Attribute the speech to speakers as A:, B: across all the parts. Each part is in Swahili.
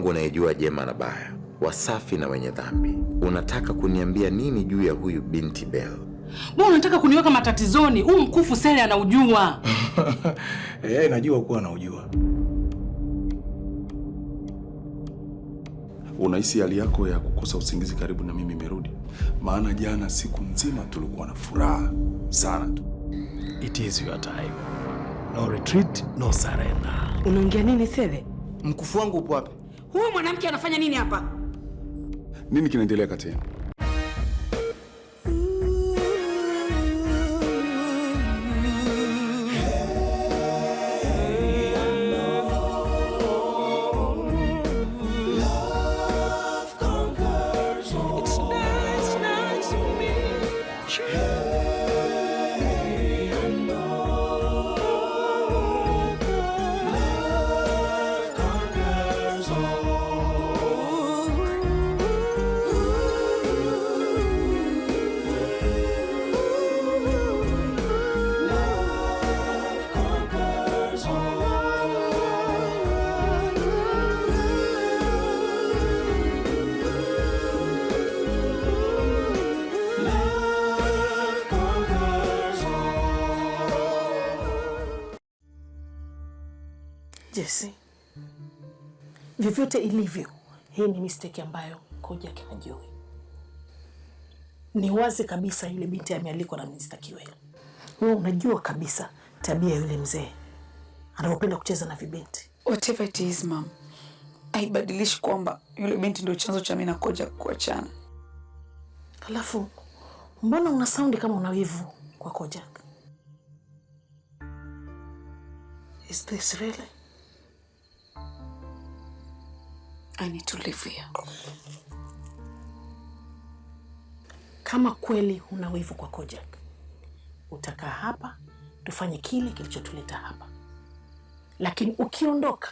A: wangu unayejua jema na baya, wasafi na wenye dhambi, unataka kuniambia nini juu ya huyu binti Bel?
B: Mbona unataka kuniweka matatizoni? Huu mkufu Sele anaujua.
C: Yeye eh, najua kuwa anaujua. Unahisi hali yako ya kukosa usingizi karibu na mimi imerudi? Maana jana siku nzima tulikuwa na furaha sana tu.
D: It is your time. No retreat, no surrender.
B: Unaongea nini Sele?
E: Mkufu wangu upo wapi?
B: Huyu mwanamke anafanya nini hapa?
C: Nini kinaendelea kati yenu?
B: Jesse, vyovyote ilivyo, hii ni mistake ambayo Kojak hajui. Ni wazi kabisa yule binti amealikwa na Mr. Kiwele. Wewe unajua kabisa tabia yule mzee anaopenda kucheza na vibinti.
F: Whatever it is, mom, haibadilishi kwamba yule binti ndio chanzo cha mimi na Kojak kuachana.
B: Alafu mbona una saundi kama una wivu kwa Kojak?
F: Is this really? here.
B: Kama kweli huna wivu kwa Kojak, utakaa hapa tufanye kile kilichotuleta hapa, lakini ukiondoka,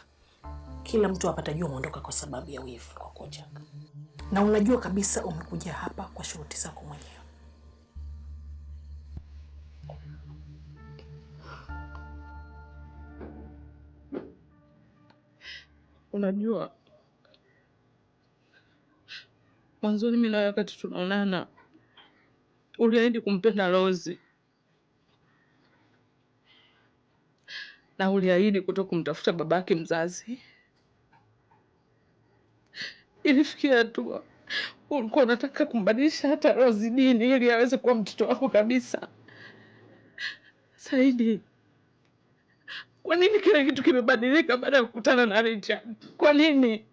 B: kila mtu hapa atajua umeondoka kwa sababu ya wivu kwa Kojak, na unajua kabisa umekuja hapa kwa shuruti zako mwenyewe.
F: Unajua Mwanzoni mimi na wewe wakati tunaonana uliahidi kumpenda rozi na uliahidi kuto kumtafuta babake mzazi. Ilifikia hatua ulikuwa unataka kumbadilisha hata Rose dini ili aweze kuwa mtoto wako kabisa. Saidi, kwa nini kila kitu kimebadilika baada ya kukutana na Richard? Kwa nini?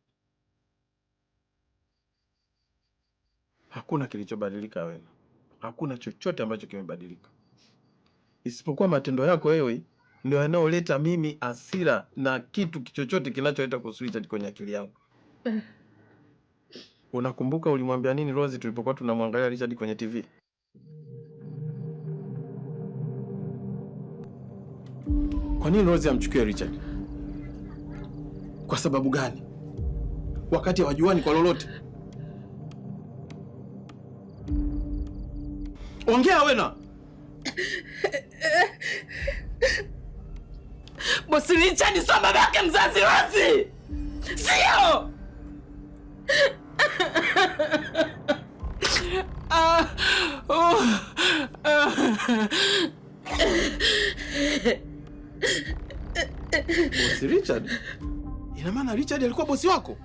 C: hakuna kilichobadilika wewe, hakuna chochote ambacho kimebadilika, isipokuwa matendo yako wewe ndio yanayoleta mimi hasira na kitu chochote kinacholeta kuswitch kwenye akili yangu. Unakumbuka ulimwambia nini Rose tulipokuwa tunamwangalia Richard kwenye TV? Kwa nini Rose amchukie Richard? Kwa sababu gani? Wakati hawajuani kwa lolote. Ongea wena.
B: Bosi richard ni sio baba yake mzazi wazi, sio?
C: Bosi Richard? Ina maana Richard alikuwa bosi wako?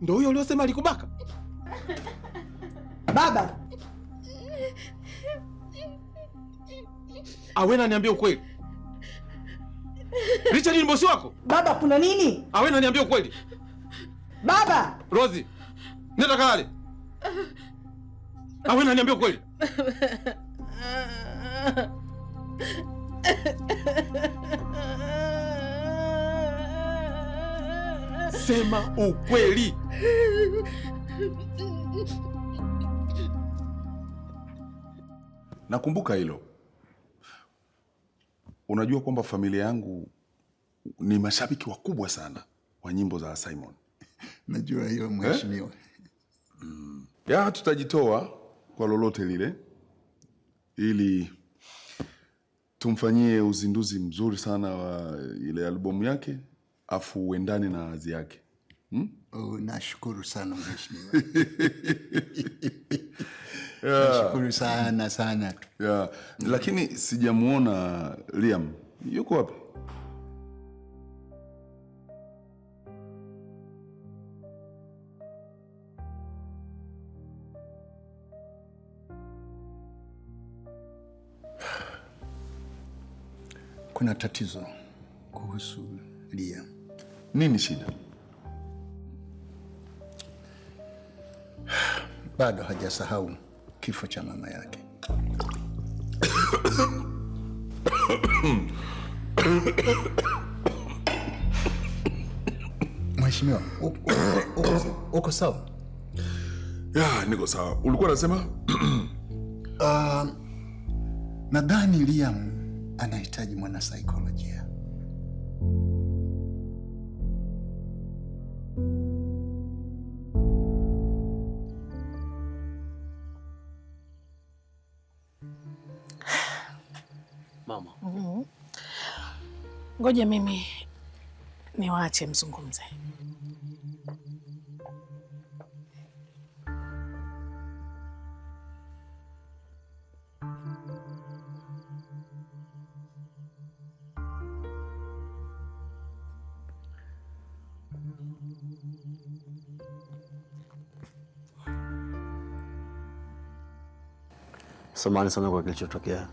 C: Ndio huyo uliosema alikubaka? Baba, Awena, niambia ukweli. Richard ni bosi wako?
B: Baba, kuna nini?
C: Awena, niambia ukweli. Baba. Rozi. Nenda kalale. Awena, niambia ukweli. Sema ukweli. Nakumbuka hilo. Unajua kwamba familia yangu ni mashabiki wakubwa sana wa nyimbo za Simon.
G: Najua hiyo eh? mheshimiwa.
C: Eh? Ya tutajitoa kwa lolote lile ili tumfanyie uzinduzi mzuri sana wa ile albamu yake afu uendane na azi yake.
G: Hmm? Oh, nashukuru sana mheshimiwa. Nashukuru sana sana tu
C: yeah. Lakini sijamuona Liam, yuko wapi?
G: Kuna tatizo kuhusu Liam. Nini shida? Bado hajasahau kifo cha mama yake. Mheshimiwa, uko sawa?
C: Ya, niko sawa. Ulikuwa unasema? Uh,
G: nadhani Liam anahitaji mwana psychology.
H: mama. Mm-hmm.
B: Ngoja mimi niwaache mzungumze.
H: Samahani sana kwa kilichotokea.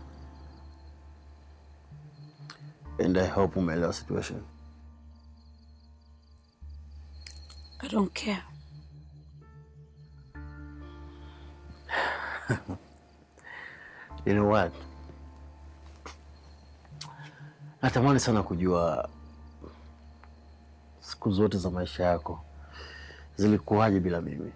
H: I hope umeelewa situation.
B: I don't care.
H: You know what? Natamani sana kujua siku zote za maisha yako zilikuwaje bila mimi.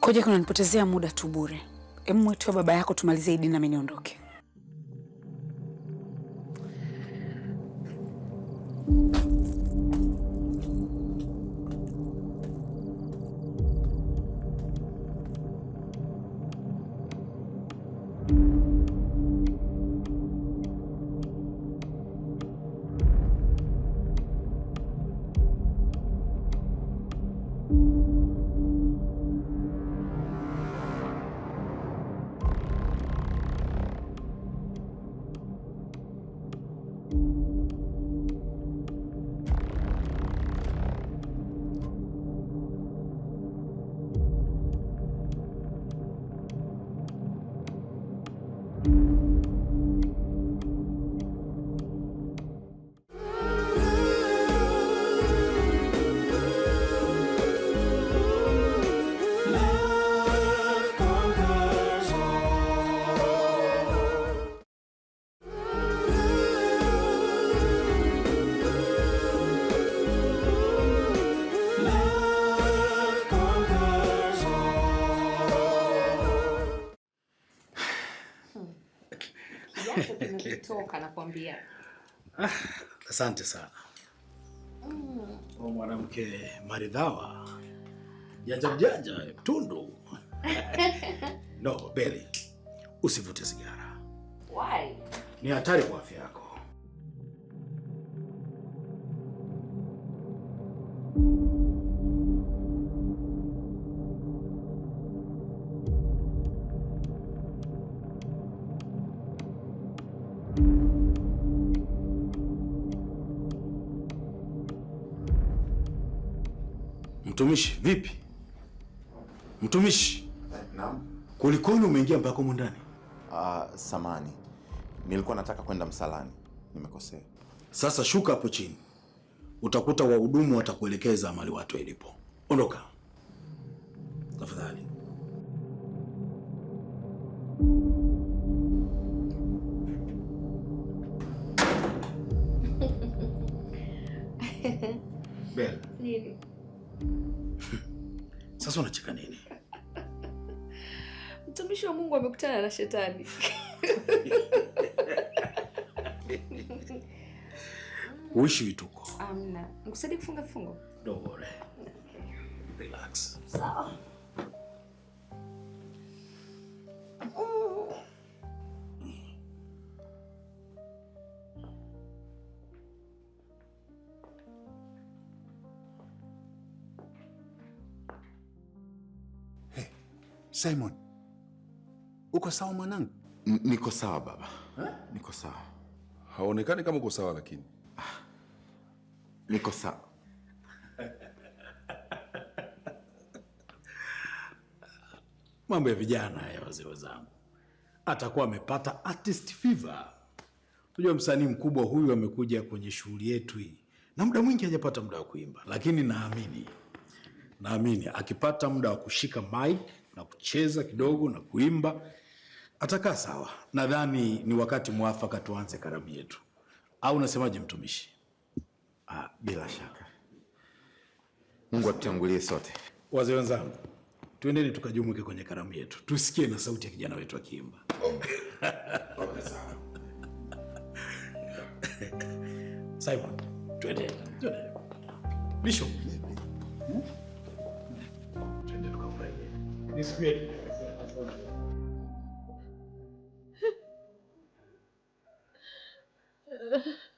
B: Koja kunanipotezea muda tu bure. Emu mwitue baba yako tumalize hii nami niondoke.
I: jasho kimetoka nakwambia.
J: Ah, asante sana mm. Oh, mwanamke maridhawa janja janja tundu no, Beli, usivute sigara. Why? Ni hatari kwa afya yako. Mtumishi vipi? Mtumishi, naam. Kulikoni umeingia mpaka huko ndani?
H: Ah, samani. Nilikuwa nataka kwenda msalani. Nimekosea.
J: Sasa shuka hapo chini, utakuta wahudumu watakuelekeza mali watu ilipo. Ondoka tafadhali. Bella. Nini? Sasa unacheka nini?
I: Mtumishi wa Mungu amekutana na shetani.
J: Uishi vituko.
I: Amna. Nikusaidie kufunga fungo?
J: Don't worry. Relax. Sawa. Mm. Simon, uko sawa mwanangu?
H: Niko sawa baba ha? Eh? Niko sawa.
C: Haonekani kama uko sawa lakini ah,
H: niko sawa
J: mambo ya vijana ya wazee wazangu. atakuwa amepata artist fever. Unajua msanii mkubwa huyu amekuja kwenye shughuli yetu hii, na muda mwingi hajapata muda wa kuimba, lakini naamini naamini akipata muda wa kushika mic na kucheza kidogo na kuimba, atakaa sawa. Nadhani ni wakati mwafaka tuanze karamu yetu, au unasemaje mtumishi?
H: Ah, bila shaka. Mungu atutangulie sote.
J: Wazee wenzangu, tuendeni tukajumuike kwenye karamu yetu, tusikie na sauti ya kijana wetu akiimba. Simon, twende. Twende. Bisho. Hmm?
H: this great.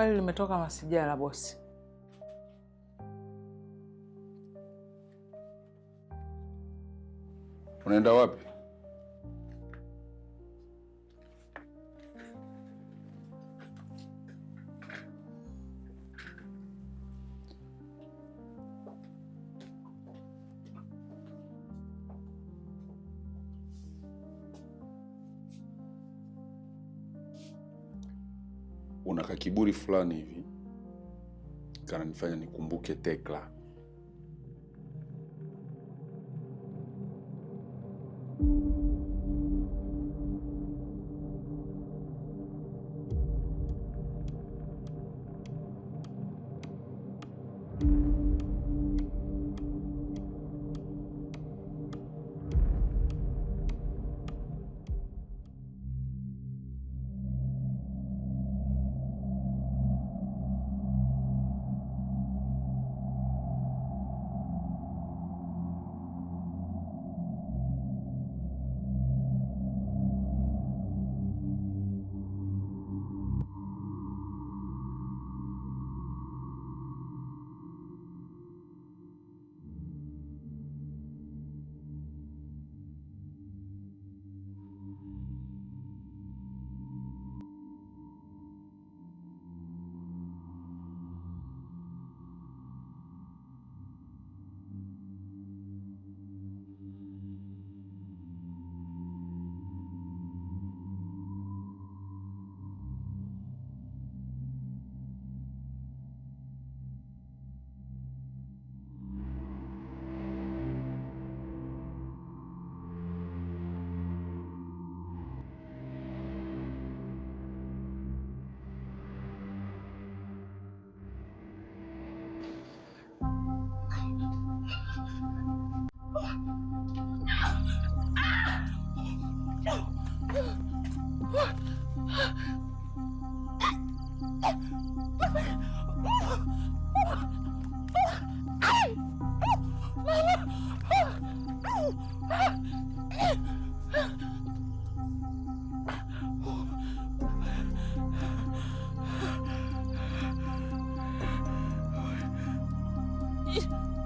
K: faili limetoka masijala bosi.
C: Unaenda wapi? kiburi fulani hivi kananifanya nikumbuke Tekla.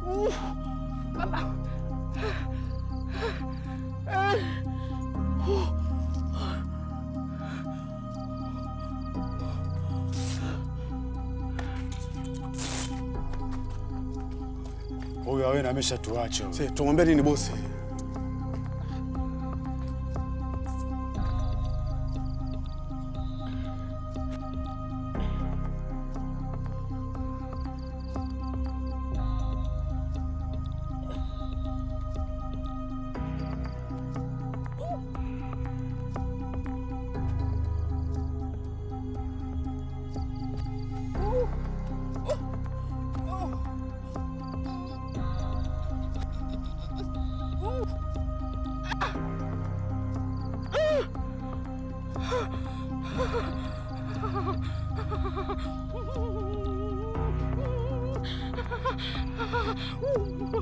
C: 우, 간다. 에이, 후. awe na Tumwambeni ni bosi.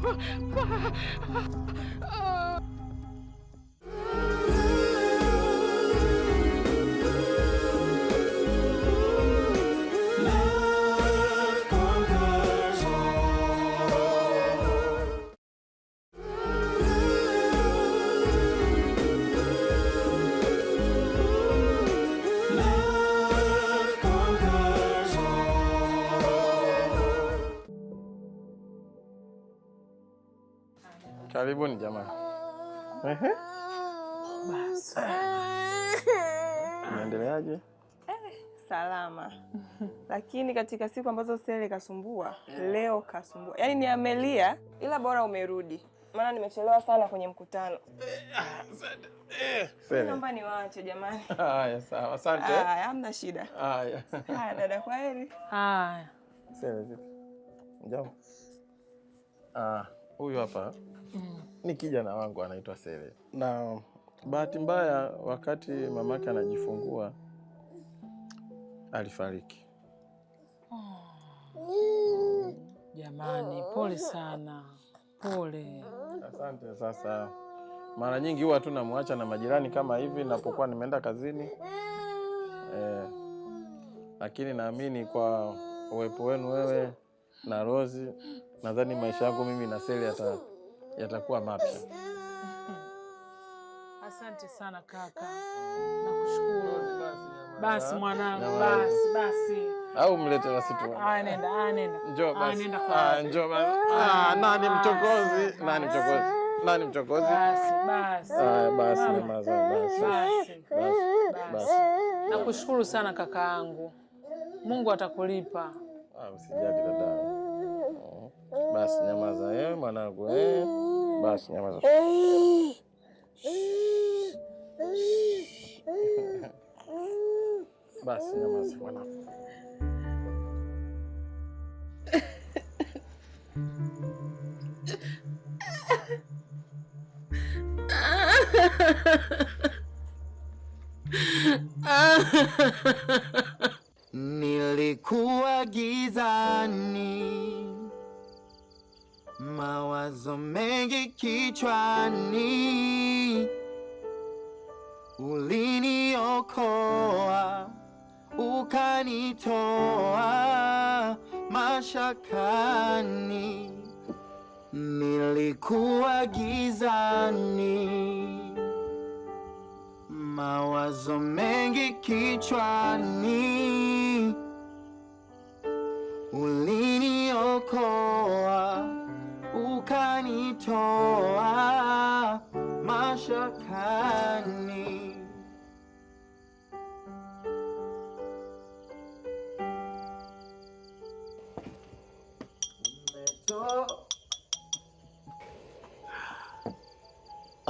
L: 不不 Karibuni jamani. Ehe. Basi. Unaendeleaje? Eh,
M: salama. Lakini katika siku ambazo Sele kasumbua, eh. leo kasumbua. Yaani ni amelia ila bora umerudi. Maana nimechelewa sana kwenye mkutano. Naomba niwaache jamani.
L: Haya, sawa. Asante.
M: Haya, hamna shida. Haya. Haya dada, kwaheri. Haya.
L: Sele vipi? Jambo. Ah, huyu hapa. Ni mm. kijana wangu anaitwa Sele, na bahati mbaya wakati mamake anajifungua alifariki.
M: Oh. Jamani, pole sana, pole.
L: Asante. Sasa mara nyingi huwa tu namwacha na majirani kama hivi napokuwa nimeenda kazini eh, lakini naamini kwa uwepo wenu wewe na Rozi, nadhani maisha yangu mimi na Sele yata yatakuwa mapya.
M: Asante sana kaka, nakushukuru. Basi mwanangu, basi basi,
L: au mlete Ah,
M: Nenda ah, nenda,
L: njoo ah, basi, Ah, njoo basi. Ah, ah, Nani mchokozi? Nani mchokozi? Nani mchokozi?
M: Basi basi,
L: Ah, basi ni mazao
M: basi, basi. Nakushukuru sana kakaangu, Mungu atakulipa.
L: Ah, Usijali dada. Basi nyamaza, mm. eh mwanangu, mm. eh basi nyamaza. Mm. Basi nyamaza mwanangu. Nilikuwa gizani
N: mawazo mengi kichwani, uliniokoa ukanitoa mashakani, nilikuwa gizani, mawazo mengi kichwani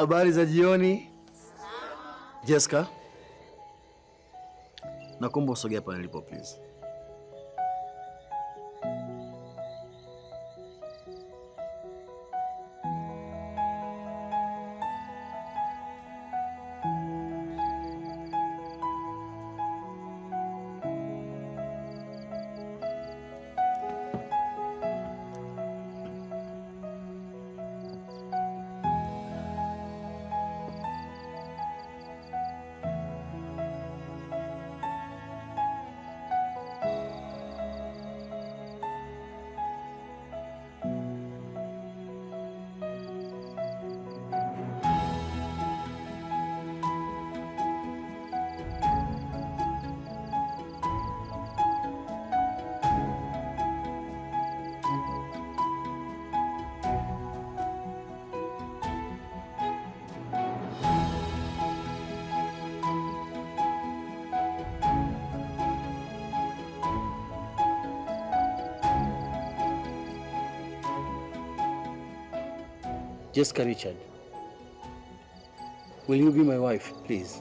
H: Habari za jioni. Jessica,
N: nakuomba usogee pale nilipo please. Jessica Richard, will you be my wife, please?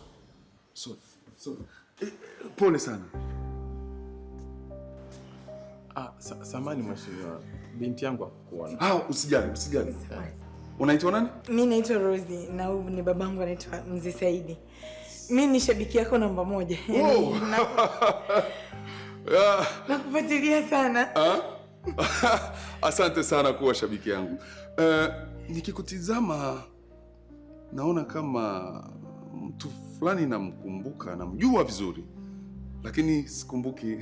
N: So, eh, pole sana. Ah, sa samani mheshimiwa. Binti yangu hakukuona. Ah, usijali, usijali. Unaitwa nani? Mimi naitwa Rosie na huyu ni babangu anaitwa Mzee Saidi. Mimi ni shabiki yako namba moja. Oh. Yaani ah. nakufuatilia sana. Ah? Asante sana kuwa shabiki yangu. Uh, nikikutizama naona kama mtu fulani namkumbuka, namjua vizuri, lakini sikumbuki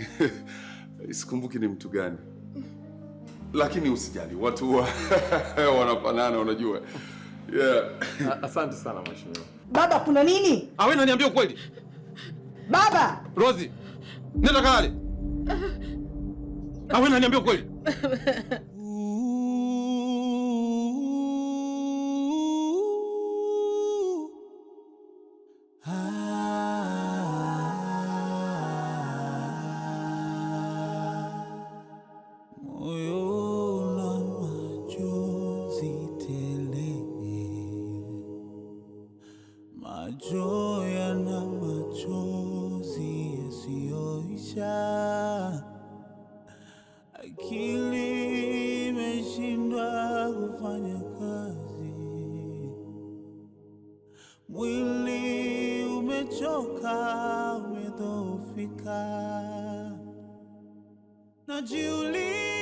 N: sikumbuki ni mtu gani. Lakini usijali, watu wa wanafanana, unajua yeah. Asante sana mheshimiwa. Baba, kuna nini? Awe ah, naniambia ukweli baba. Rozi, nenda kale. Awe ah, naniambia ukweli kujificha, akili imeshindwa kufanya kazi, mwili umechoka, umedhoofika, najiuliza